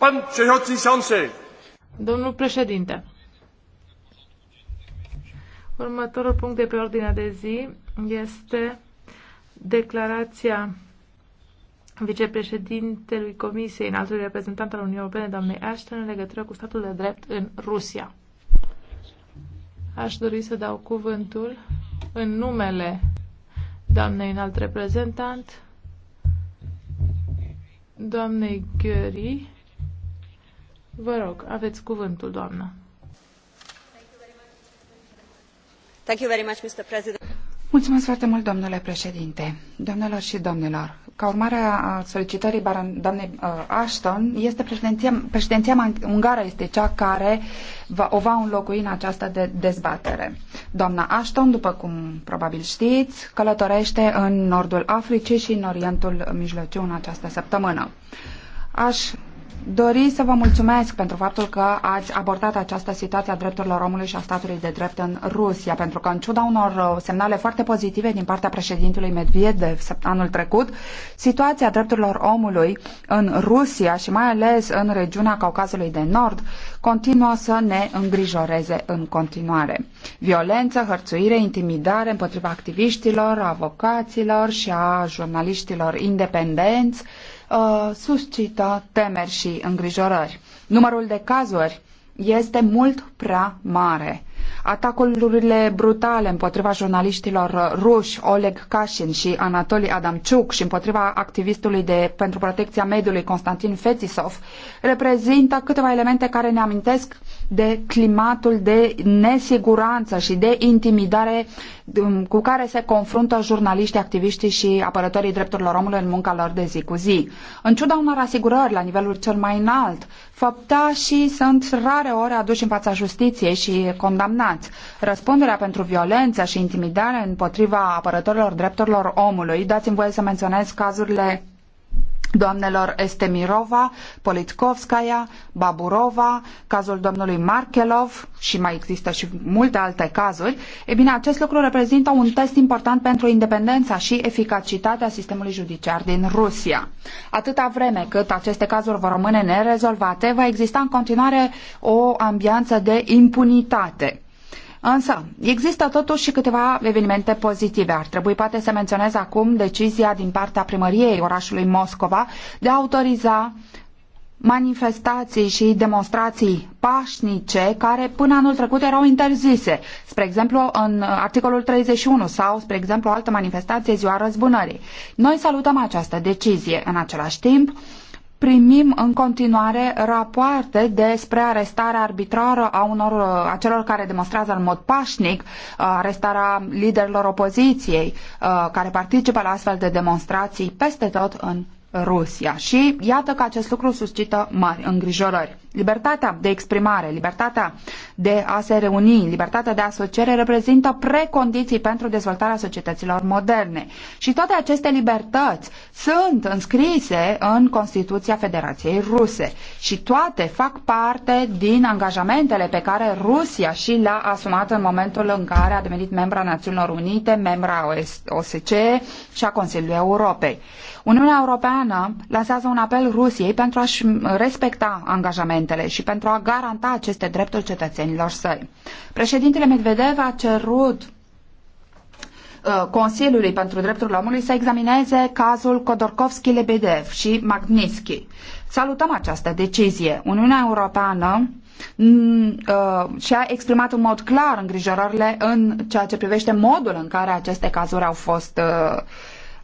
Pan președinte. Domnul președinte. Următorul punct de pe ordinea de zi este declarația vicepreședintelui Comisiei înaltului reprezentant al Uniunii Europene, doamnei Ashton, în legătură cu statul de drept în Rusia. Aș dori să dau cuvântul în numele doamnei înalt reprezentant, doamnei Gheorii, Vă rog, aveți cuvântul, doamnă. Thank you very much, Mr. President. Mulțumesc foarte mult, domnule președinte. Domnilor și domnilor, ca urmare a solicitării doamnei uh, Ashton, este președinția, președinția ungară este cea care va, o va înlocui în această de, dezbatere. Doamna Ashton, după cum probabil știți, călătorește în nordul Africii și în Orientul Mijlociu în această săptămână. Aș dori să vă mulțumesc pentru faptul că ați abordat această situație a drepturilor omului și a statului de drept în Rusia, pentru că în ciuda unor uh, semnale foarte pozitive din partea președintelui Medvedev anul trecut, situația drepturilor omului în Rusia și mai ales în regiunea Caucazului de Nord continuă să ne îngrijoreze în continuare. Violență, hărțuire, intimidare împotriva activiștilor, avocaților și a jurnaliștilor independenți, Uh, suscită temeri și îngrijorări. Numărul de cazuri este mult prea mare. Atacurile brutale împotriva jurnaliștilor ruși Oleg Kashin și Anatoli Adamciuk și împotriva activistului de, pentru protecția mediului Constantin Fetisov reprezintă câteva elemente care ne amintesc de climatul de nesiguranță și de intimidare um, cu care se confruntă jurnaliștii, activiștii și apărătorii drepturilor omului în munca lor de zi cu zi. În ciuda unor asigurări la nivelul cel mai înalt, și sunt rare ori aduși în fața justiției și condamnați. Răspunderea pentru violență și intimidare împotriva apărătorilor drepturilor omului, dați-mi voie să menționez cazurile doamnelor Estemirova, Politkovskaya, Baburova, cazul domnului Markelov și mai există și multe alte cazuri, e bine, acest lucru reprezintă un test important pentru independența și eficacitatea sistemului judiciar din Rusia. Atâta vreme cât aceste cazuri vor rămâne nerezolvate, va exista în continuare o ambianță de impunitate. Însă, există totuși câteva evenimente pozitive. Ar trebui poate să menționez acum decizia din partea primăriei orașului Moscova de a autoriza manifestații și demonstrații pașnice care până anul trecut erau interzise. Spre exemplu, în articolul 31 sau, spre exemplu, o altă manifestație, ziua răzbunării. Noi salutăm această decizie. În același timp, primim în continuare rapoarte despre arestarea arbitrară a unor a celor care demonstrează în mod pașnic, uh, arestarea liderilor opoziției uh, care participă la astfel de demonstrații peste tot în Rusia. Și iată că acest lucru suscită mari îngrijorări. Libertatea de exprimare, libertatea de a se reuni, libertatea de asociere reprezintă precondiții pentru dezvoltarea societăților moderne. Și toate aceste libertăți sunt înscrise în Constituția Federației Ruse și toate fac parte din angajamentele pe care Rusia și le-a asumat în momentul în care a devenit membra Națiunilor Unite, membra OSCE și a Consiliului Europei. Uniunea Europeană lansează un apel Rusiei pentru a-și respecta angajamentele documentele și pentru a garanta aceste drepturi cetățenilor săi. Președintele Medvedev a cerut uh, Consiliului pentru Drepturile Omului să examineze cazul kodorkovski lebedev și Magnitsky. Salutăm această decizie. Uniunea Europeană mm, uh, și-a exprimat în mod clar îngrijorările în ceea ce privește modul în care aceste cazuri au fost uh,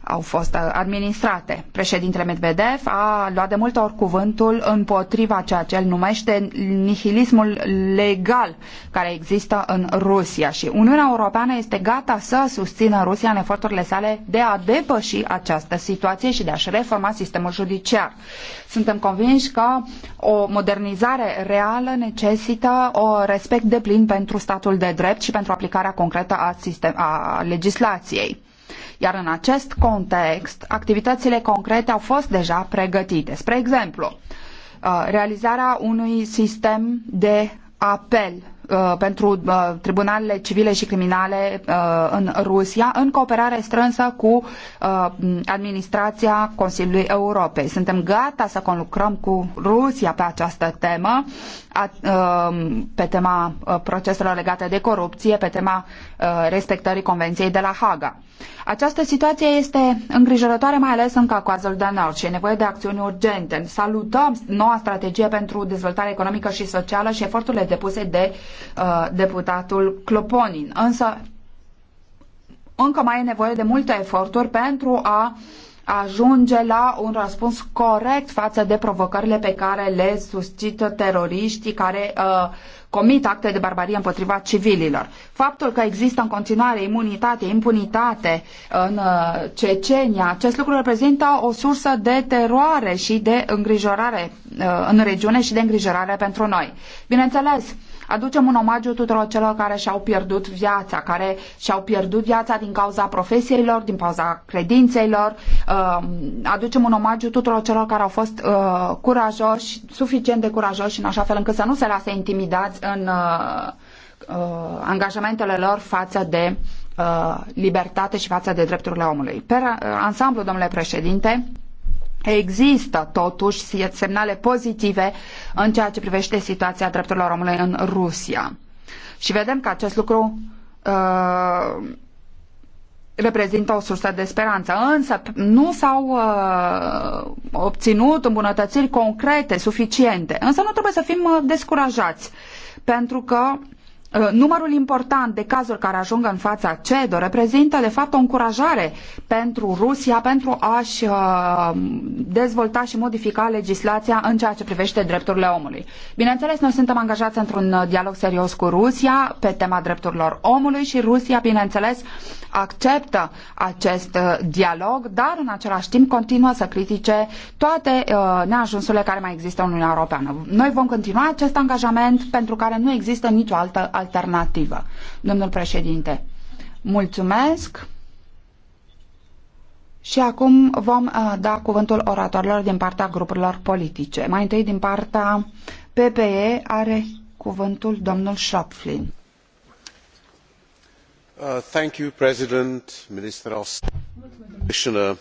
au fost uh, administrate. Președintele Medvedev a luat de multe ori cuvântul împotriva ceea ce el numește nihilismul legal care există în Rusia și Uniunea Europeană este gata să susțină Rusia în eforturile sale de a depăși această situație și de a-și reforma sistemul judiciar. Suntem convinși că o modernizare reală necesită o respect deplin pentru statul de drept și pentru aplicarea concretă a, sistem- a legislației iar în acest context, activitățile concrete au fost deja pregătite. Spre exemplu, uh, realizarea unui sistem de apel Uh, pentru uh, tribunalele civile și criminale uh, în Rusia, în cooperare strânsă cu administrația Consiliului Europei. Suntem gata să conlucrăm cu Rusia pe această temă, pe tema proceselor legate de corupție, pe tema respectării Convenției de la Haga. Această situație este îngrijorătoare, mai ales în cacazul de nord și e nevoie de acțiuni urgente. Salutăm noua strategie pentru dezvoltare economică și socială și eforturile depuse de uh, Uh, deputatul Cloponin. Însă încă mai e nevoie de multe eforturi pentru a ajunge la un răspuns corect față de provocările pe care le suscită teroriștii care uh, comit acte de barbarie împotriva civililor. Faptul că există în continuare imunitate, impunitate în uh, Cecenia, acest lucru reprezintă o sursă de teroare și de îngrijorare uh, în regiune și de îngrijorare pentru noi. Bineînțeles, aducem un omagiu tuturor celor care și-au pierdut viața, care și-au pierdut viața din cauza profesiilor, din cauza lor. Uh, aducem un omagiu tuturor celor care au fost uh, curajoși, suficient de curajoși în așa fel încât să nu se lase intimidați în uh, angajamentele lor față de libertate și față de drepturile omului. Per ansamblu, domnule președinte, Există totuși semnale pozitive în ceea ce privește situația drepturilor omului în Rusia. Și vedem că acest lucru uh, reprezintă o sursă de speranță, însă nu s-au uh, obținut îmbunătățiri concrete, suficiente. Însă nu trebuie să fim uh, descurajați, pentru că Uh, numărul important de cazuri care ajung în fața CEDO reprezintă, de fapt, o încurajare pentru Rusia pentru a-și uh, dezvolta și modifica legislația în ceea ce privește drepturile omului. Bineînțeles, noi suntem angajați într-un uh, dialog serios cu Rusia pe tema drepturilor omului și Rusia, bineînțeles, acceptă acest dialog, dar în același timp continuă să critique toate neajunsurile care mai există în Uniunea Europeană. Noi vom continua acest angajament pentru care nu există nicio altă alternativă. Domnul președinte, mulțumesc. Și acum vom uh, da cuvântul oratorilor din partea grupurilor politice. Mai întâi din partea PPE are cuvântul domnul Schopflin. Uh, thank you, President, Minister Commissioner. Uh,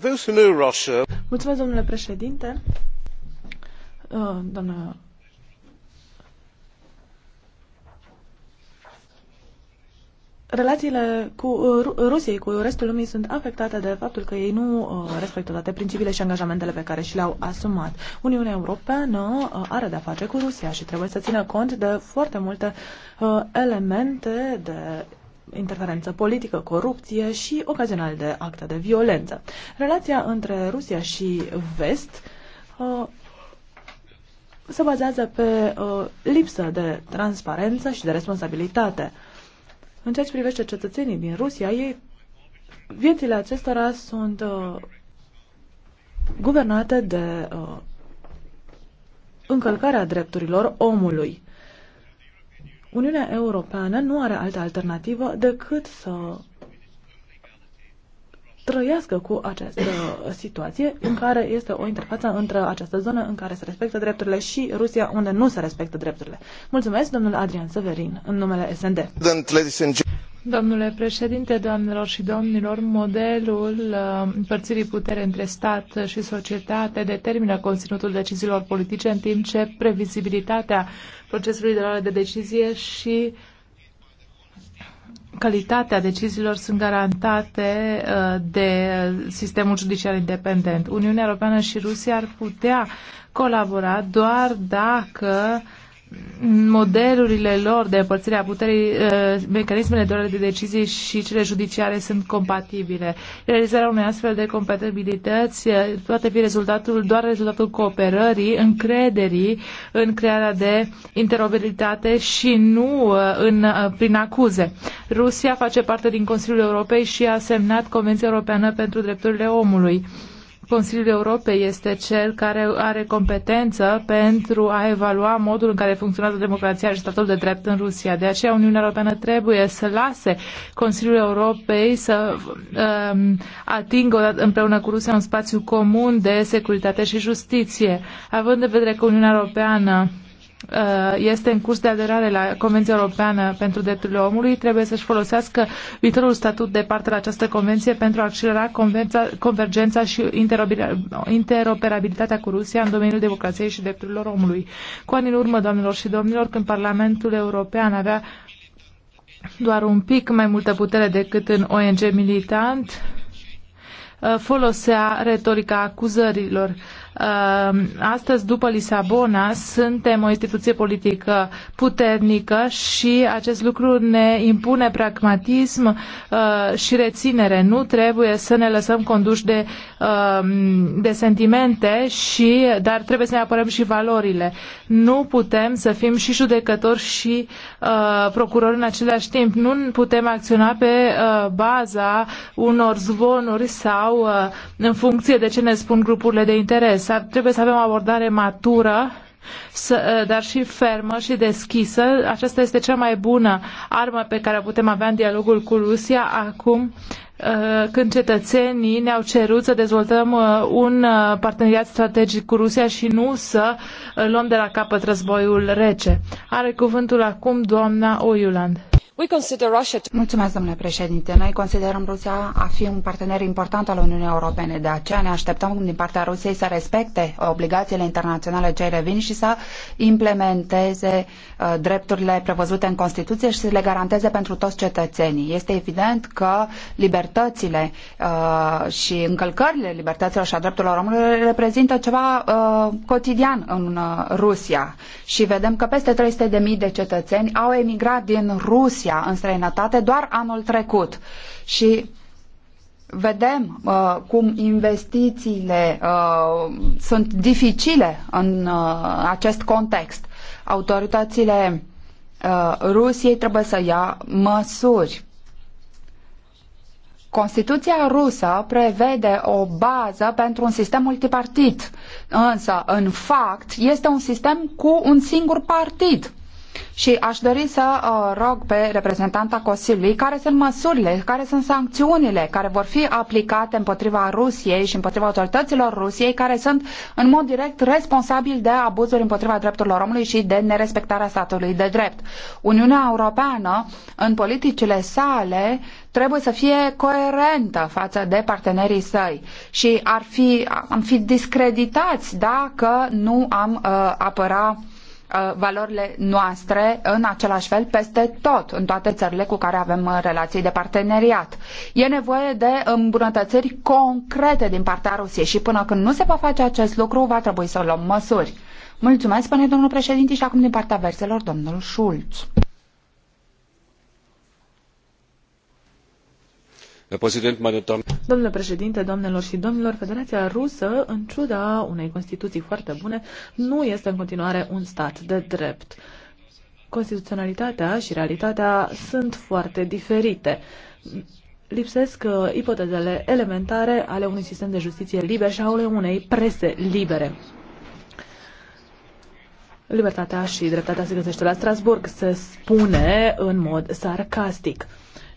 those who know Russia. Mulțumesc, domnule președinte, uh, doamnă Relațiile cu uh, Rusiei, cu restul lumii, sunt afectate de faptul că ei nu uh, respectă toate principiile și angajamentele pe care și le-au asumat. Uniunea Europeană uh, are de-a face cu Rusia și trebuie să țină cont de foarte multe elemente de interferență politică, corupție și ocazional de acte de violență. Relația între Rusia și Vest se bazează pe lipsă de transparență și de responsabilitate în ceea ce privește cetățenii din Rusia, ei, viețile acestora sunt uh, guvernate de uh, încălcarea drepturilor omului. Uniunea Europeană nu are altă alternativă decât să trăiască cu această situație în care este o interfață între această zonă în care se respectă drepturile și Rusia unde nu se respectă drepturile. Mulțumesc, domnul Adrian Severin, în numele SND. Domnule președinte, doamnelor și domnilor, modelul uh, împărțirii putere între stat și societate determină conținutul deciziilor politice, în timp ce previzibilitatea procesului de luare de decizie și calitatea deciziilor sunt garantate uh, de sistemul judiciar independent. Uniunea Europeană și Rusia ar putea colabora doar dacă modelurile lor de împărțire a puterii, uh, mecanismele de de decizie și cele judiciare sunt compatibile. Realizarea unei astfel de compatibilități uh, poate fi rezultatul, doar rezultatul cooperării, încrederii în crearea de interoperabilitate și nu uh, în, prin acuze. Rusia face parte din Consiliul Europei și a semnat Convenția Europeană pentru Drepturile Omului. Consiliul Europei este cel care are competență pentru a evalua modul în care funcționează democrația și statul de drept în Rusia. De aceea Uniunea Europeană trebuie să lase Consiliul Europei să um, atingă împreună cu Rusia un spațiu comun de securitate și justiție. Având în vedere că Uniunea Europeană Uh, este în curs de aderare la Convenția Europeană pentru Drepturile Omului, trebuie să-și folosească viitorul statut de parte la această convenție pentru a accelera convergența și interoperabilitatea cu Rusia în domeniul democrației și drepturilor omului. Cu ani în urmă, doamnelor și domnilor, când Parlamentul European avea doar un pic mai multă putere decât în ONG militant, uh, folosea retorica acuzărilor Ehm, astăzi, după Lisabona, suntem o instituție politică puternică și acest lucru ne impune pragmatism eh, și reținere. Nu trebuie să ne lăsăm conduși de, ehm, de sentimente, și, dar trebuie să ne apărăm și valorile. Nu putem să fim și judecători și eh, procurori în același timp. Nu putem acționa pe eh, baza unor zvonuri sau în funcție de ce ne spun grupurile de interes să, trebuie să avem o abordare matură să, ă, dar și fermă și deschisă. Aceasta este cea mai bună armă pe care o putem avea în dialogul cu Rusia acum ă, când cetățenii ne-au cerut să dezvoltăm ă, un parteneriat strategic cu Rusia și nu să luăm de la capăt războiul rece. Are cuvântul acum doamna Oiuland domnule președinte. noi considerăm rusia a fi un partener important al uniunii europene de aceea ne așteptăm din partea rusiei să respecte uh, obligațiile internaționale ce îi revin și să implementeze uh, drepturile prevăzute în constituție și să le garanteze pentru toți cetățenii. este evident că libertățile uh, și încălcările libertăților și a drepturilor omului reprezintă ceva cotidian în rusia și vedem că peste 300.000 de cetățeni au emigrat din rusia Rusia în străinătate doar anul trecut și vedem uh, cum investițiile uh, sunt dificile în uh, acest context. Autoritățile uh, Rusiei trebuie să ia măsuri. Constituția rusă prevede o bază pentru un sistem multipartit, însă, în fapt, este un sistem cu un singur partid și aș dori să uh, rog pe reprezentanta Consiliului care sunt măsurile, care sunt sancțiunile care vor fi aplicate împotriva Rusiei și împotriva autorităților Rusiei care sunt în mod direct responsabili de abuzuri împotriva drepturilor omului și de nerespectarea statului de drept. Uniunea Europeană, în politicile sale, trebuie să fie coerentă față de partenerii săi și ar fi, am fi discreditați dacă nu am uh, apăra Uh, valorile noastre în același fel peste tot, în toate țările cu care avem uh, relații de parteneriat. E nevoie de îmbunătățiri concrete din partea Rusiei și până când nu se va face acest lucru, va trebui să luăm măsuri. Mulțumesc, spune domnul președinte, și acum din partea verselor, domnul Schulz. Domnule președinte, doamnelor și domnilor, Federația Rusă, în ciuda unei constituții foarte bune, nu este în continuare un stat de drept. Constituționalitatea și realitatea sunt foarte diferite. Lipsesc uh, ipotezele elementare ale unui sistem de justiție liber și ale unei prese libere. Libertatea și dreptatea se găsește la Strasburg, se spune în mod sarcastic.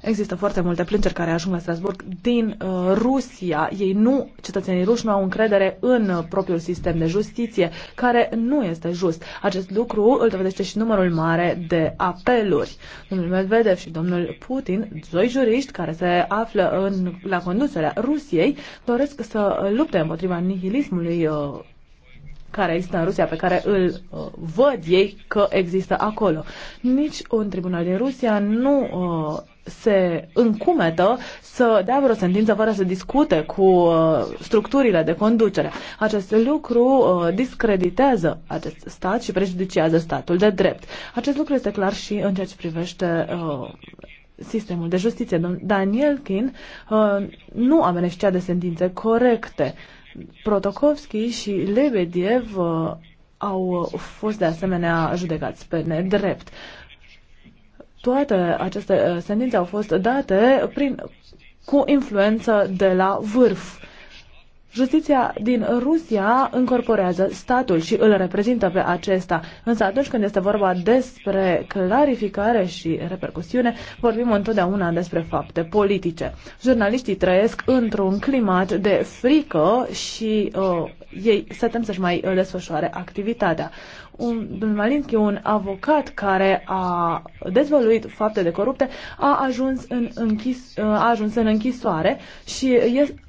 Există foarte multe plângeri care ajung la Strasburg din uh, Rusia. Ei nu, cetățenii ruși nu au încredere în uh, propriul sistem de justiție, care nu este just. Acest lucru îl dovedește și numărul mare de apeluri. Domnul Medvedev și domnul Putin, doi juriști care se află în, la conducerea Rusiei, doresc să lupte împotriva nihilismului uh, care există în Rusia, pe care îl uh, văd ei că există acolo. Nici un tribunal din Rusia nu uh, se încumetă să dea vreo sentință fără să discute cu uh, structurile de conducere. Acest lucru uh, discreditează acest stat și prejudiciază statul de drept. Acest lucru este clar și în ceea ce privește uh, sistemul de justiție. Daniel Kin uh, nu a beneficiat de sentințe corecte. Uh, Protokovski și Lebediev uh, au uh, fost de asemenea judecați pe nedrept. Toate aceste uh, sentințe au fost date prin, cu influență de la vârf. Justiția din Rusia încorporează statul și îl reprezintă pe acesta. Însă atunci când este vorba despre clarificare și repercusiune, vorbim întotdeauna despre fapte politice. Jurnaliștii trăiesc într-un climat de frică și uh, ei se tem să-și mai uh, desfășoare activitatea. Un, Malinchi, un avocat care a dezvăluit fapte de corupte, a ajuns în, închis, uh, a ajuns în închisoare și este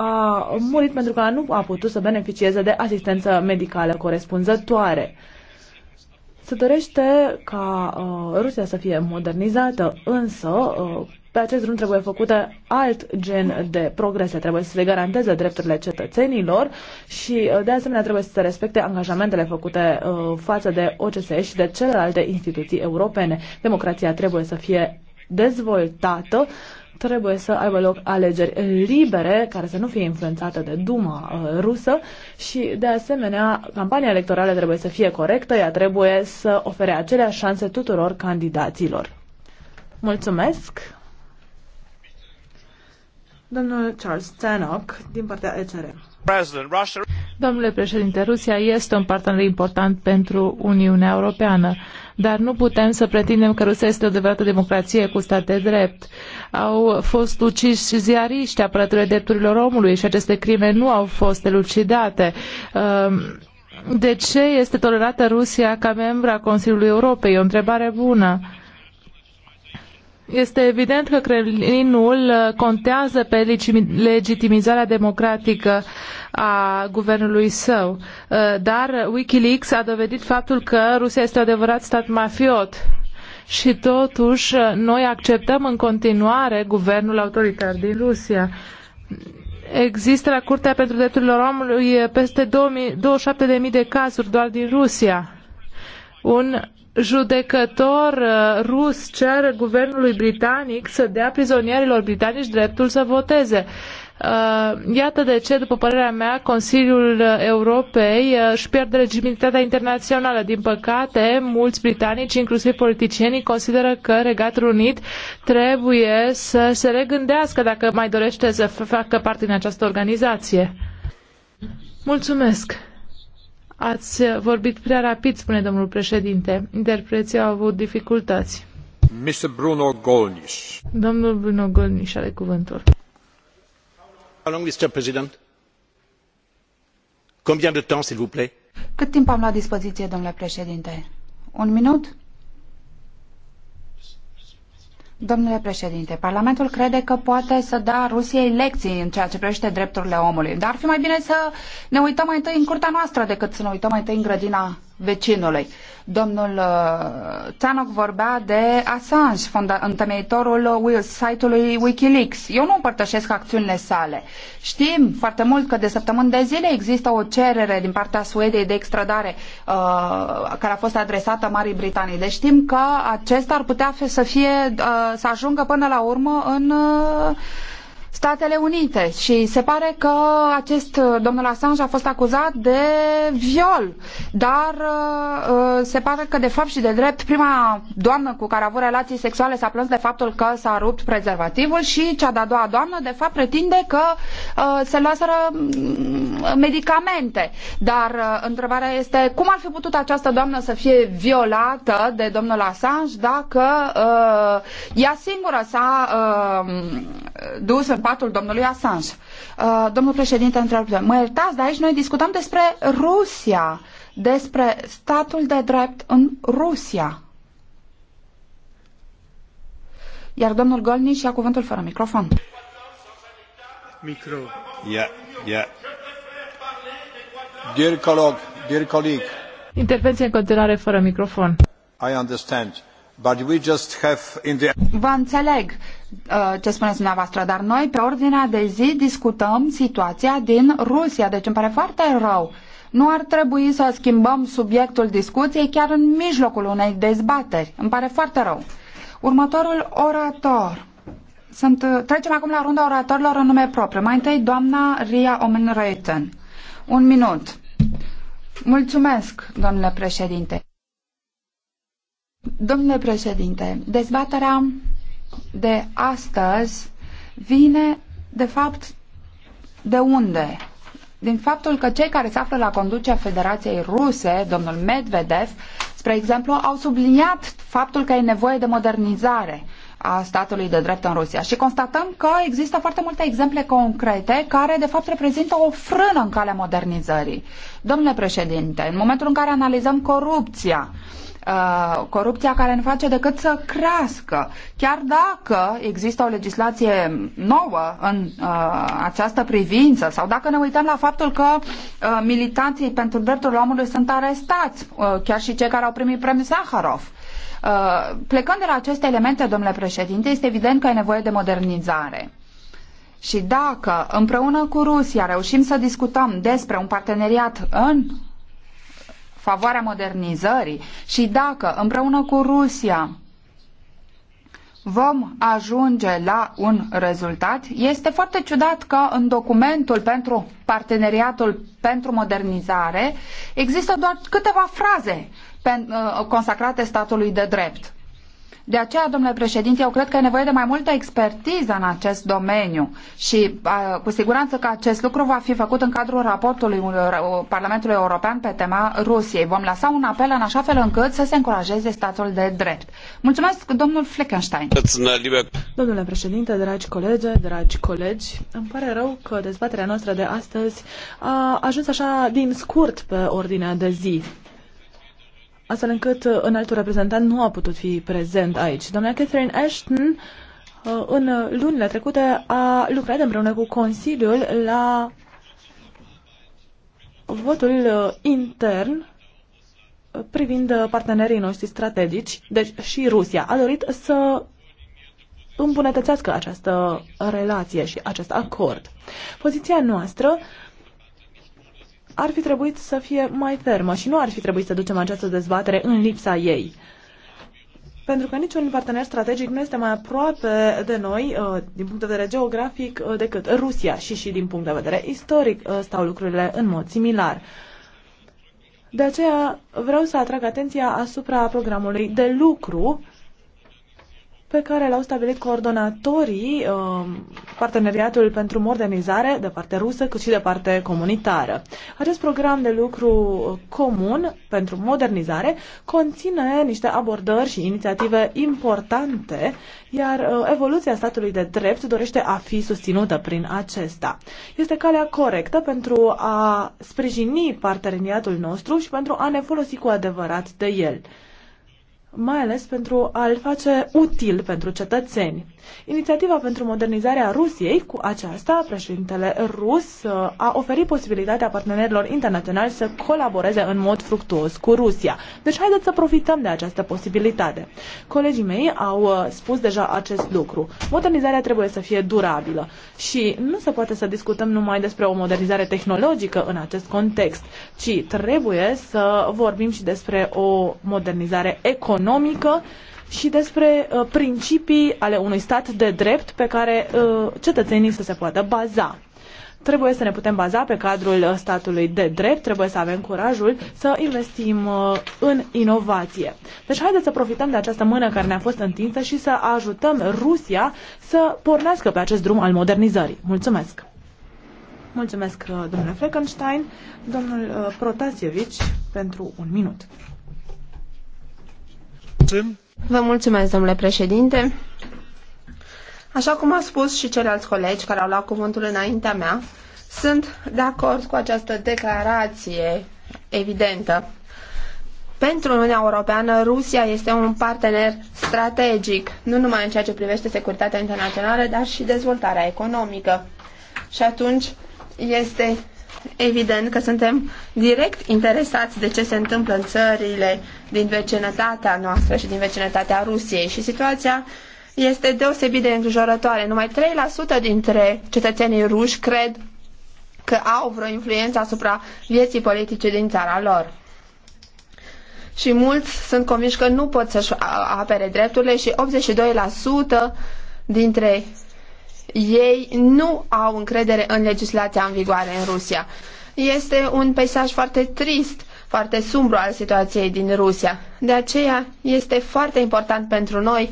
a murit pentru că nu a putut să beneficieze de asistență medicală corespunzătoare. Se dorește ca uh, Rusia să fie modernizată, însă uh, pe acest drum trebuie făcute alt gen de progrese. Trebuie să se garanteze drepturile cetățenilor și, uh, de asemenea, trebuie să se respecte angajamentele făcute uh, față de OCSE și de celelalte instituții europene. Democrația trebuie să fie dezvoltată trebuie să aibă loc alegeri libere, care să nu fie influențate de Duma uh, rusă și, de asemenea, campania electorală trebuie să fie corectă, ea trebuie să ofere aceleași șanse tuturor candidaților. Mulțumesc! Domnul Charles Tannock, din partea ECR. Domnule președinte, Rusia este un partener important pentru Uniunea Europeană dar nu putem să pretindem că Rusia este o adevărată democrație cu stat de drept. Au fost uciși ziariști apărători drepturilor omului și aceste crime nu au fost elucidate. Um, de ce este tolerată Rusia ca membra Consiliului Europei? E o întrebare bună. Este evident că Kremlinul uh, contează pe legitimizarea democratică a guvernului său, uh, dar Wikileaks a dovedit faptul că Rusia este adevărat stat mafiot și totuși uh, noi acceptăm în continuare guvernul autoritar din Rusia. Există la Curtea pentru Drepturile Omului peste 27.000 de cazuri doar din Rusia. Un judecător uh, rus cere guvernului britanic să dea prizonierilor britanici dreptul să voteze. Uh, iată de ce, după părerea mea, Consiliul Europei uh, își pierde legitimitatea internațională. Din păcate, mulți britanici, inclusiv politicienii, consideră că Regatul Unit trebuie să se regândească dacă mai dorește să facă parte din această organizație. Mulțumesc! Ați vorbit prea rapid, spune domnul președinte. Interpreții au avut dificultăți. Mr. Bruno Golniș. Domnul Bruno Golniș are cuvântul. How long, Mr. President? Combien de temps, s'il vous plaît? Cât timp am la dispoziție, domnule președinte? Un minut? Domnule președinte, Parlamentul crede că poate să dea Rusiei lecții în ceea ce privește drepturile omului, dar ar fi mai bine să ne uităm mai întâi în curtea noastră decât să ne uităm mai întâi în grădina vecinului. Domnul uh, Tanok vorbea de Assange, fonda, întemeitorul uh, site-ului Wikileaks. Eu nu împărtășesc acțiunile sale. Știm foarte mult că de săptămâni de zile există o cerere din partea Suediei de extradare uh, care a fost adresată Marii Britanii. Deci știm că acesta ar putea să, fie, uh, să ajungă până la urmă în uh, Statele Unite și se pare că acest uh, domnul Assange a fost acuzat de viol, dar uh, uh, se pare că de fapt și de drept prima doamnă cu care a avut relații sexuale s-a plâns de faptul că s-a rupt prezervativul și cea de-a doua doamnă de fapt pretinde că se luaseră mm, medicamente. Dar întrebarea este cum ar fi putut această doamnă să fie violată de domnul Assange dacă ea singură s-a dus în bărbatul domnului Assange. Uh, domnul președinte, întrerupe. Mă iertați, dar aici noi discutăm despre Rusia, despre statul de drept în Rusia. Iar domnul Golniș ia cuvântul fără microfon. Micro. Ia, ia. Dear colleague, dear colleague. Intervenție în continuare fără microfon. I understand. Vă înțeleg uh, ce spuneți dumneavoastră, dar noi pe ordinea de zi discutăm situația din Rusia, deci îmi pare foarte rău. Nu ar trebui să schimbăm subiectul discuției chiar în mijlocul unei dezbateri. Îmi pare foarte rău. Următorul orator. Sunt, trecem acum la runda oratorilor în nume propriu. Mai întâi, doamna Ria Omenreuten. Un minut. Mulțumesc, domnule președinte. Domnule președinte, dezbaterea de astăzi vine, de fapt, de unde? Din faptul că cei care se află la conducerea Federației Ruse, domnul Medvedev, spre exemplu, au subliniat faptul că e nevoie de modernizare a statului de drept în Rusia și constatăm că există foarte multe exemple concrete care de fapt reprezintă o frână în calea modernizării. Domnule președinte, în momentul în care analizăm corupția, Uh, corupția care nu face decât să crească. Chiar dacă există o legislație nouă în uh, această privință sau dacă ne uităm la faptul că uh, militanții pentru drepturile omului sunt arestați, uh, chiar și cei care au primit premiul Saharov. Uh, plecând de la aceste elemente, domnule președinte, este evident că e nevoie de modernizare. Și dacă împreună cu Rusia reușim să discutăm despre un parteneriat în favoarea modernizării și dacă împreună cu Rusia vom ajunge la un rezultat, este foarte ciudat că în documentul pentru parteneriatul pentru modernizare există doar câteva fraze uh, consacrate statului de drept. De aceea, domnule președinte, eu cred că e nevoie de mai multă expertiză în acest domeniu și uh, cu siguranță că acest lucru va fi făcut în cadrul raportului uh, Parlamentului European pe tema Rusiei. Vom lăsa un apel în așa fel încât să se încurajeze statul de drept. Mulțumesc, domnul Fleckenstein. Domnule președinte, dragi colegi, dragi colegi, îmi pare rău că dezbaterea noastră de astăzi a ajuns așa din scurt pe ordinea de zi astfel încât înaltul uh, reprezentant nu a putut fi prezent aici. Doamna Catherine Ashton uh, în uh, lunile trecute a lucrat împreună cu Consiliul la votul intern privind partenerii noștri strategici, deci și Rusia. A dorit să îmbunătățească această relație și acest acord. Poziția noastră ar fi trebuit să fie mai fermă și nu ar fi trebuit să ducem această dezbatere în lipsa ei. Pentru că niciun partener strategic nu este mai aproape de noi, uh, din punct de vedere geografic, uh, decât Rusia și și din punct de vedere istoric uh, stau lucrurile în mod similar. De aceea vreau să atrag atenția asupra programului de lucru pe care l-au stabilit coordonatorii um, Parteneriatul pentru Modernizare de parte rusă cât și de parte comunitară. Acest program de lucru comun pentru modernizare conține niște abordări și inițiative importante, iar uh, evoluția statului de drept dorește a fi susținută prin acesta. Este calea corectă pentru a sprijini parteneriatul nostru și pentru a ne folosi cu adevărat de el mai ales pentru a-l face util pentru cetățeni. Inițiativa pentru modernizarea Rusiei, cu aceasta, președintele rus uh, a oferit posibilitatea partenerilor internaționali să colaboreze în mod fructuos cu Rusia. Deci haideți să profităm de această posibilitate. Colegii mei au uh, spus deja acest lucru. Modernizarea trebuie să fie durabilă și nu se poate să discutăm numai despre o modernizare tehnologică în acest context, ci trebuie să vorbim și despre o modernizare economică economică și despre uh, principii ale unui stat de drept pe care uh, cetățenii să se poată baza trebuie să ne putem baza pe cadrul statului de drept, trebuie să avem curajul să investim uh, în inovație. Deci haideți să profităm de această mână care ne-a fost întinsă și să ajutăm Rusia să pornească pe acest drum al modernizării. Mulțumesc! Mulțumesc, domnule Frankenstein, domnul Protasievici, pentru un minut. Vă mulțumesc, domnule președinte. Așa cum au spus și ceilalți colegi care au luat cuvântul înaintea mea, sunt de acord cu această declarație evidentă. Pentru Uniunea Europeană, Rusia este un partener strategic, nu numai în ceea ce privește securitatea internațională, dar și dezvoltarea economică. Și atunci este evident că suntem direct interesați de ce se întâmplă în țările din vecinătatea noastră și din vecinătatea Rusiei și situația este deosebit de îngrijorătoare. Numai 3% dintre cetățenii ruși cred că au vreo influență asupra vieții politice din țara lor. Și mulți sunt convinși că nu pot să-și apere drepturile și 82% dintre ei nu au încredere în legislația în vigoare în Rusia. Este un peisaj foarte trist, foarte sumbru al situației din Rusia. De aceea este foarte important pentru noi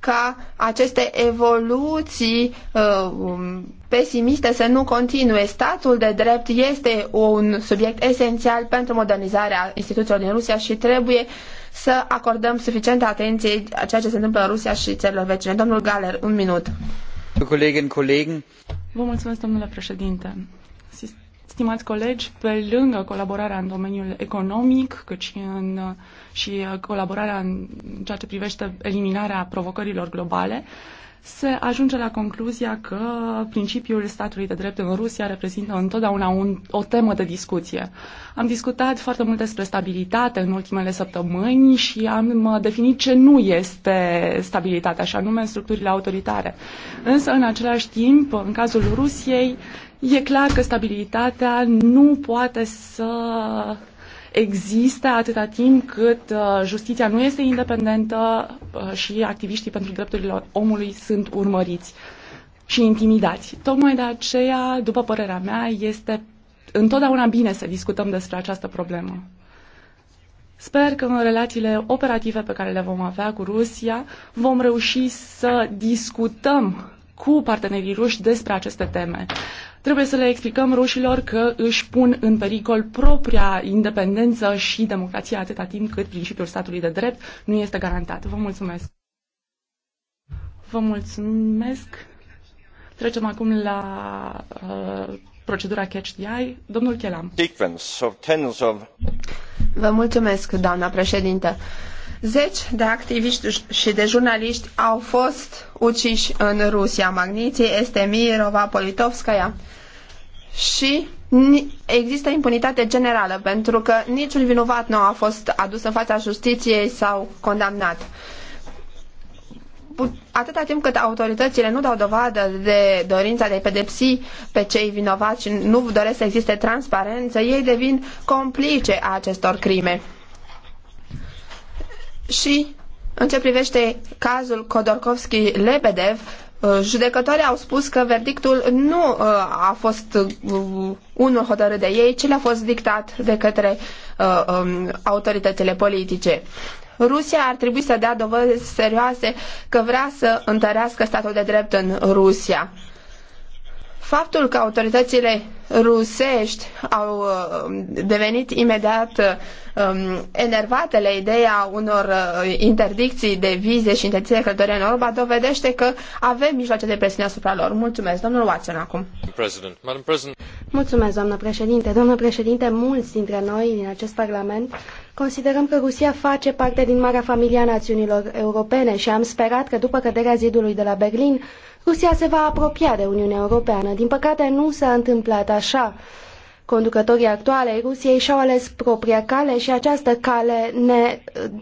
ca aceste evoluții uh, pesimiste să nu continue. Statul de drept este un subiect esențial pentru modernizarea instituțiilor din Rusia și trebuie să acordăm suficientă atenție a ceea ce se întâmplă în Rusia și țările vecine. Domnul Galer, un minut. Stimați colegi, pe lângă colaborarea în domeniul economic, cât și, în, și colaborarea în ceea ce privește eliminarea provocărilor globale, se ajunge la concluzia că principiul statului de drept în Rusia reprezintă întotdeauna un, o temă de discuție. Am discutat foarte mult despre stabilitate în ultimele săptămâni și am definit ce nu este stabilitatea, nume în structurile autoritare. Însă, în același timp, în cazul Rusiei, e clar că stabilitatea nu poate să există atâta timp cât uh, justiția nu este independentă uh, și activiștii pentru drepturile omului sunt urmăriți și intimidați. Tocmai de aceea, după părerea mea, este întotdeauna bine să discutăm despre această problemă. Sper că în relațiile operative pe care le vom avea cu Rusia vom reuși să discutăm cu partenerii ruși despre aceste teme. Trebuie să le explicăm rușilor că își pun în pericol propria independență și democrația atâta timp cât principiul statului de drept nu este garantat. Vă mulțumesc! Vă mulțumesc! Trecem acum la uh, procedura Catch the Eye. Domnul Chelam. Vă mulțumesc, doamna președintă. Uh, Zeci de activiști și de jurnaliști au fost uciși în Rusia. Magniții, Mirova Politovskaya. Și există impunitate generală, pentru că niciun vinovat nu a fost adus în fața justiției sau condamnat. Atâta timp cât autoritățile nu dau dovadă de dorința de a pedepsi pe cei vinovați și nu doresc să existe transparență, ei devin complice a acestor crime. Și în ce privește cazul Khodorkovsky-Lebedev, uh, judecătorii au spus că verdictul nu uh, a fost uh, unul hotărât de ei, ci le-a fost dictat de către um, autoritățile politice. Rusia ar trebui să dea dovezi serioase că vrea să întărească statul de drept în Rusia. Faptul că autoritățile rusești au uh, devenit imediat uh, um, enervate la ideea unor uh, interdicții de vize și interdicții de călătorie în Europa dovedește că avem mijloace de presiune asupra lor. Mulțumesc, domnul Watson, acum. President. President. Mulțumesc, doamnă președinte. Doamnă președinte, mulți dintre noi din acest parlament Considerăm că Rusia face parte din marea familie a națiunilor europene și am sperat că după căderea zidului de la Berlin, Rusia se va apropia de Uniunea Europeană. Din păcate, nu s-a întâmplat așa. Conducătorii actuale ai Rusiei și-au ales propria cale și această cale ne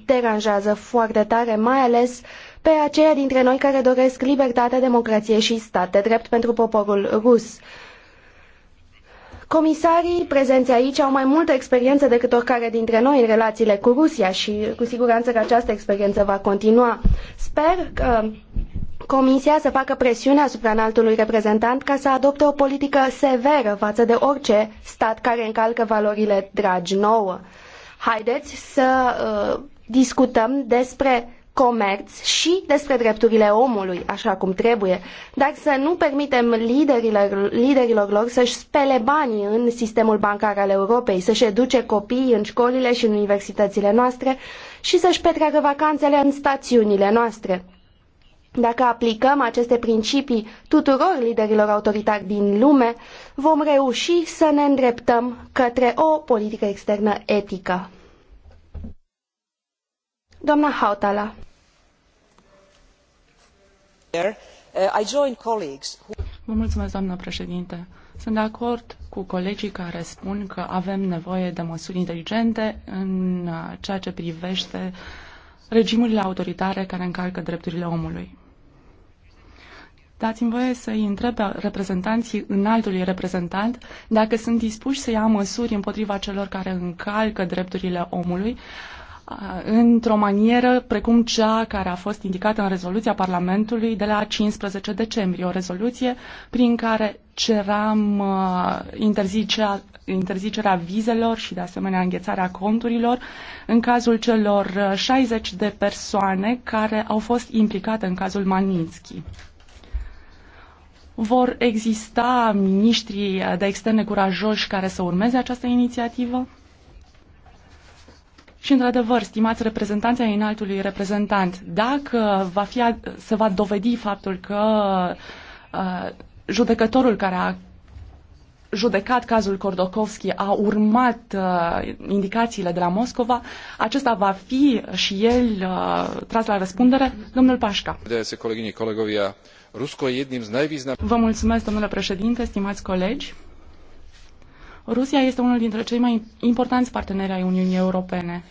deranjează foarte tare, mai ales pe aceia dintre noi care doresc libertate, democrație și stat de drept pentru poporul rus. Comisarii prezenți aici au mai multă experiență decât oricare dintre noi în relațiile cu Rusia și cu siguranță că această experiență va continua. Sper că Comisia să facă presiune asupra înaltului reprezentant ca să adopte o politică severă față de orice stat care încalcă valorile dragi nouă. Haideți să uh, discutăm despre comerț și despre drepturile omului, așa cum trebuie, dar să nu permitem liderilor, liderilor lor să-și spele banii în sistemul bancar al Europei, să-și educe copiii în școlile și în universitățile noastre și să-și petreacă vacanțele în stațiunile noastre. Dacă aplicăm aceste principii tuturor liderilor autoritari din lume, vom reuși să ne îndreptăm către o politică externă etică. Doamna Hautala. Uh, președinte. Sunt de acord cu colegii care spun că avem nevoie de măsuri inteligente în uh, ceea ce privește regimurile autoritare care încalcă drepturile omului. Dați-mi voie să-i întreb pe reprezentanții înaltului reprezentant dacă sunt dispuși să ia măsuri împotriva celor care încalcă drepturile omului uh, într-o manieră precum cea care a fost indicată în rezoluția Parlamentului de la 15 decembrie, o rezoluție prin care ceram interzicerea, interzicerea vizelor și de asemenea înghețarea conturilor în cazul celor 60 de persoane care au fost implicate în cazul Maninski vor exista miniștri de externe curajoși care să urmeze această inițiativă? Și, într-adevăr, stimați reprezentanții ai înaltului reprezentant, dacă va fi, se va dovedi faptul că uh, judecătorul care a judecat cazul Kordokovski a urmat uh, indicațiile de la Moscova, acesta va fi și el uh, tras la răspundere, domnul Pașca. Vă mulțumesc, domnule președinte, stimați colegi. Rusia este unul dintre cei mai importanți parteneri ai Uniunii Europene.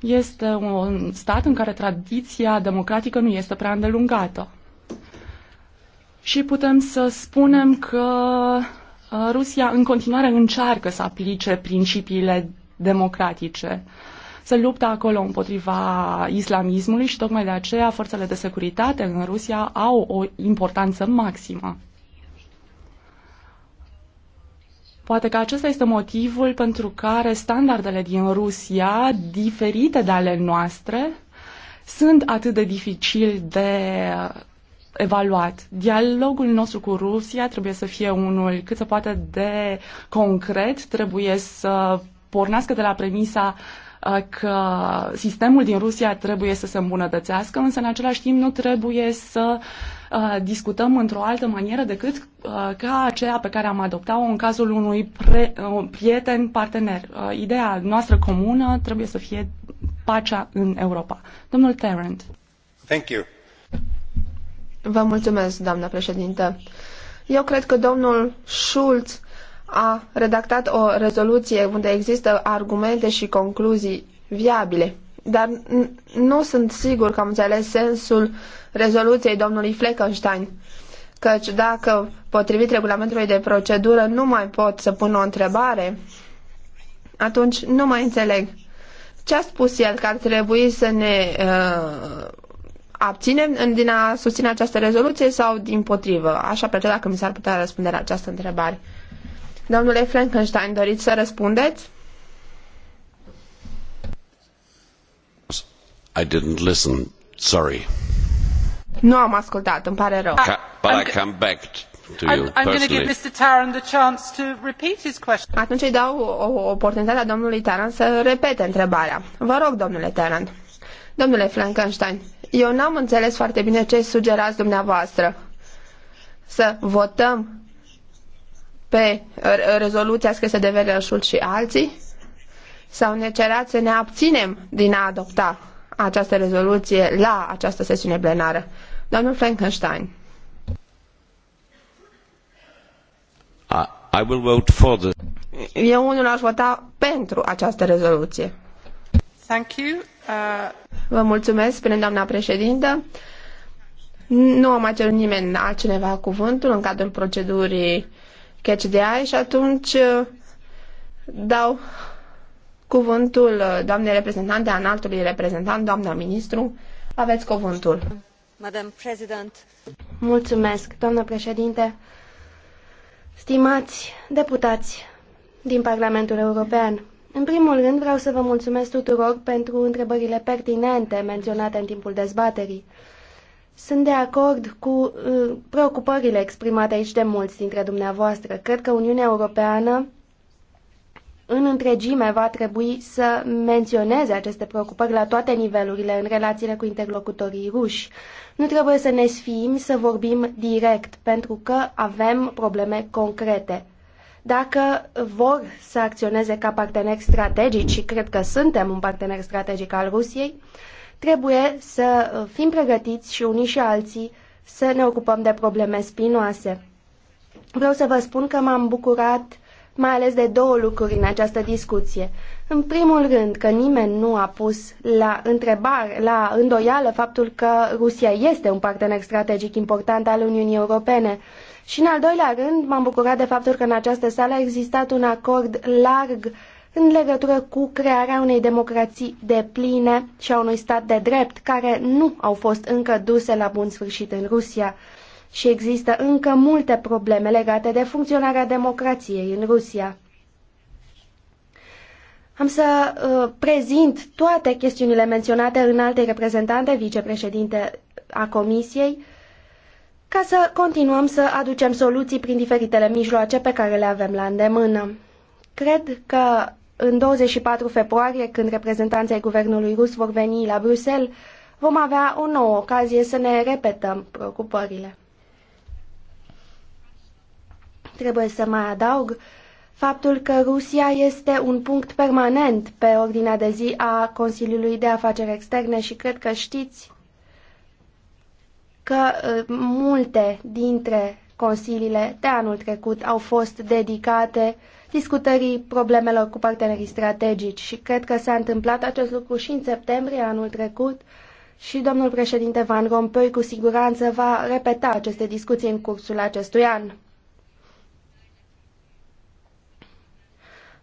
Este un stat în care tradiția democratică nu este prea îndelungată. Și putem să spunem că uh, Rusia în continuare încearcă să aplice principiile democratice se luptă acolo împotriva islamismului și tocmai de aceea forțele de securitate în Rusia au o importanță maximă. Poate că acesta este motivul pentru care standardele din Rusia, diferite de ale noastre, sunt atât de dificil de uh, evaluat. Dialogul nostru cu Rusia trebuie să fie unul cât se poate de concret, trebuie să pornească de la premisa că sistemul din Rusia trebuie să se îmbunătățească, însă în același timp nu trebuie să discutăm într-o altă manieră decât ca aceea pe care am adoptat-o în cazul unui pre, prieten partener. Ideea noastră comună trebuie să fie pacea în Europa. Domnul Tarrant. Thank you. Vă mulțumesc, doamna președintă. Eu cred că domnul Schulz a redactat o rezoluție unde există argumente și concluzii viabile. Dar nu sunt sigur că am înțeles sensul rezoluției domnului Fleckenstein, căci dacă, potrivit regulamentului de procedură, nu mai pot să pun o întrebare, atunci nu mai înțeleg. Ce a spus el că ar trebui să ne uh, abținem din a susține această rezoluție sau din potrivă? Așa ar dacă mi s-ar putea răspunde la această întrebare. Domnule Frankenstein, doriți să răspundeți? I didn't listen. Sorry. Nu am ascultat, îmi pare rău. Ca, but I come back to you I'm, I'm give Mr. Tarand the chance to repeat his question. Atunci îi dau o, oportunitate domnului Taran să repete întrebarea. Vă rog, domnule Taran. Domnule Frankenstein, eu n-am înțeles foarte bine ce sugerați dumneavoastră. Să votăm pe uh, rezoluția scrisă de Werner Schulz și alții sau ne cereați să ne abținem din a adopta această rezoluție la această sesiune plenară. Domnul Frankenstein. I will vote for the... Eu unul aș vota pentru această rezoluție. Thank you. Uh... Vă mulțumesc, spune doamna președintă. Nu am mai cerut nimeni altcineva cuvântul în cadrul procedurii catch the eye și atunci uh, dau cuvântul uh, doamnei reprezentante, a înaltului reprezentant, doamna ministru. Aveți cuvântul. Madam President. Mulțumesc, doamnă președinte. Stimați deputați din Parlamentul European, în primul rând vreau să vă mulțumesc tuturor pentru întrebările pertinente menționate în timpul dezbaterii. Sunt de acord cu uh, preocupările exprimate aici de mulți dintre dumneavoastră. Cred că Uniunea Europeană în întregime va trebui să menționeze aceste preocupări la toate nivelurile în relațiile cu interlocutorii ruși. Nu trebuie să ne sfim, să vorbim direct, pentru că avem probleme concrete. Dacă vor să acționeze ca parteneri strategici, și cred că suntem un partener strategic al Rusiei, trebuie să uh, fim pregătiți și unii și alții să ne ocupăm de probleme spinoase. Vreau să vă spun că m-am bucurat mai ales de două lucruri în această discuție. În primul rând, că nimeni nu a pus la întrebare, la îndoială faptul că Rusia este un partener strategic important al Uniunii Europene. Și în al doilea rând, m-am bucurat de faptul că în această sală a existat un acord larg în legătură cu crearea unei democrații de pline și a unui stat de drept care nu au fost încă duse la bun sfârșit în Rusia și există încă multe probleme legate de funcționarea democrației în Rusia. Am să uh, prezint toate chestiunile menționate în alte reprezentante, vicepreședinte a Comisiei, ca să continuăm să aducem soluții prin diferitele mijloace pe care le avem la îndemână. Cred că în 24 februarie, când reprezentanții guvernului rus vor veni la Bruxelles, vom avea o nouă ocazie să ne repetăm preocupările. Trebuie să mai adaug faptul că Rusia este un punct permanent pe ordinea de zi a Consiliului de Afaceri Externe și cred că știți că ă, multe dintre consiliile de anul trecut au fost dedicate uh, discutării problemelor cu partenerii strategici și cred că s-a întâmplat acest lucru și în septembrie anul trecut și domnul președinte Van Rompuy cu siguranță va repeta aceste discuții în cursul acestui an.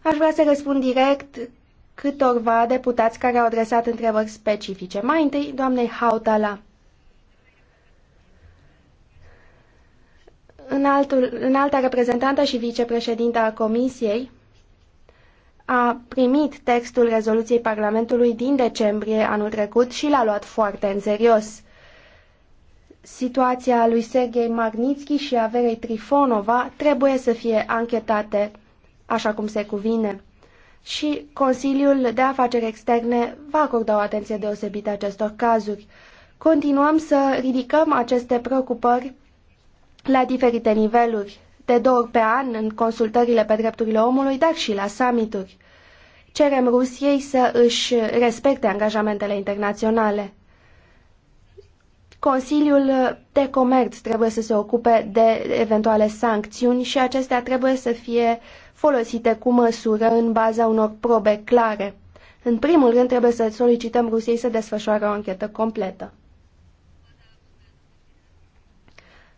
Aș vrea să răspund direct câtorva deputați care au adresat întrebări specifice. Mai întâi, doamnei Hautala. Înaltul, înalta reprezentantă și vicepreședinta a Comisiei a primit textul rezoluției Parlamentului din decembrie anul trecut și l-a luat foarte în serios. Situația lui Sergei Magnitski și a Verei Trifonova trebuie să fie anchetate așa cum se cuvine. Și Consiliul de Afaceri Externe va acorda o atenție deosebită acestor cazuri. Continuăm să ridicăm aceste preocupări la diferite niveluri, de două ori pe an în consultările pe drepturile omului, dar și la summituri. Cerem Rusiei să își respecte angajamentele internaționale. Consiliul de Comerț trebuie să se ocupe de eventuale sancțiuni și acestea trebuie să fie folosite cu măsură în baza unor probe clare. În primul rând trebuie să solicităm Rusiei să desfășoare o anchetă completă.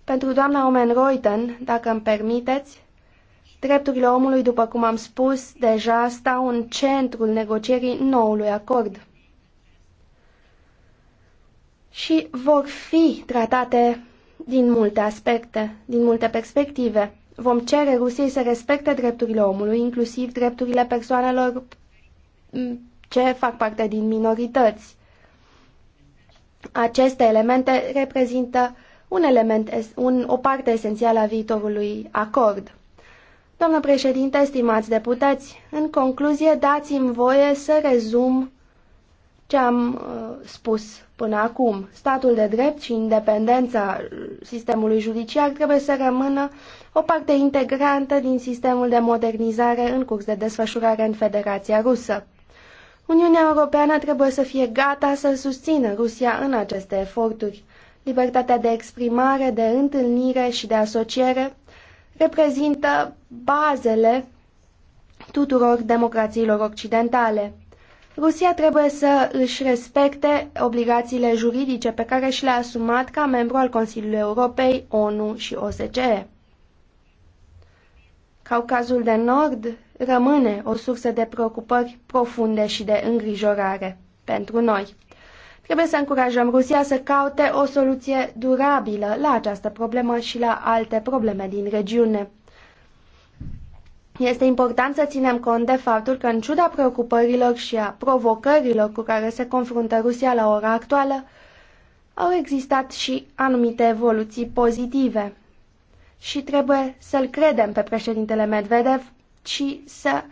Pentru doamna Omen Reuten, dacă îmi permiteți, drepturile omului, după cum am spus, deja stau în centrul negocierii noului acord și vor fi tratate din multe aspecte, din multe perspective. Vom cere Rusiei să respecte drepturile omului, inclusiv drepturile persoanelor ce fac parte din minorități. Aceste elemente reprezintă un element, un, o parte esențială a viitorului acord. Doamnă președinte, stimați deputați, în concluzie dați-mi voie să rezum ce am uh, spus până acum. Statul de drept și independența sistemului judiciar trebuie să rămână o parte integrantă din sistemul de modernizare în curs de desfășurare în Federația Rusă. Uniunea Europeană trebuie să fie gata să susțină Rusia în aceste eforturi libertatea de exprimare, de întâlnire și de asociere reprezintă bazele tuturor democrațiilor occidentale. Rusia trebuie să își respecte obligațiile juridice pe care și le-a asumat ca membru al Consiliului Europei, ONU și OSCE. Caucazul de Nord rămâne o sursă de preocupări profunde și de îngrijorare pentru noi. Trebuie să încurajăm Rusia să caute o soluție durabilă la această problemă și la alte probleme din regiune. Este important să ținem cont de faptul că, în ciuda preocupărilor și a provocărilor cu care se confruntă Rusia la ora actuală, au existat și anumite evoluții pozitive. Și trebuie să-l credem pe președintele Medvedev și să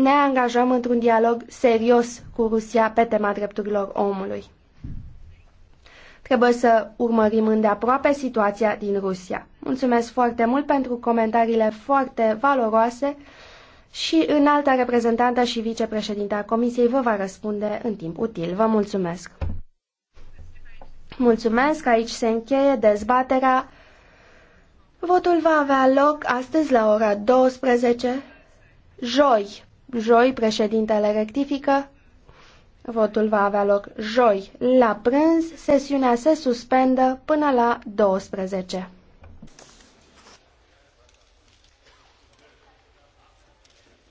ne angajăm într-un dialog serios cu Rusia pe tema drepturilor omului. Trebuie să urmărim îndeaproape situația din Rusia. Mulțumesc foarte mult pentru comentariile foarte valoroase și în alta reprezentantă și vicepreședinta Comisiei vă va răspunde în timp util. Vă mulțumesc! Mulțumesc! Aici se încheie dezbaterea. Votul va avea loc astăzi la ora 12 Joi, joi președintele rectifică, votul va avea loc joi la prânz, sesiunea se suspendă până la 12.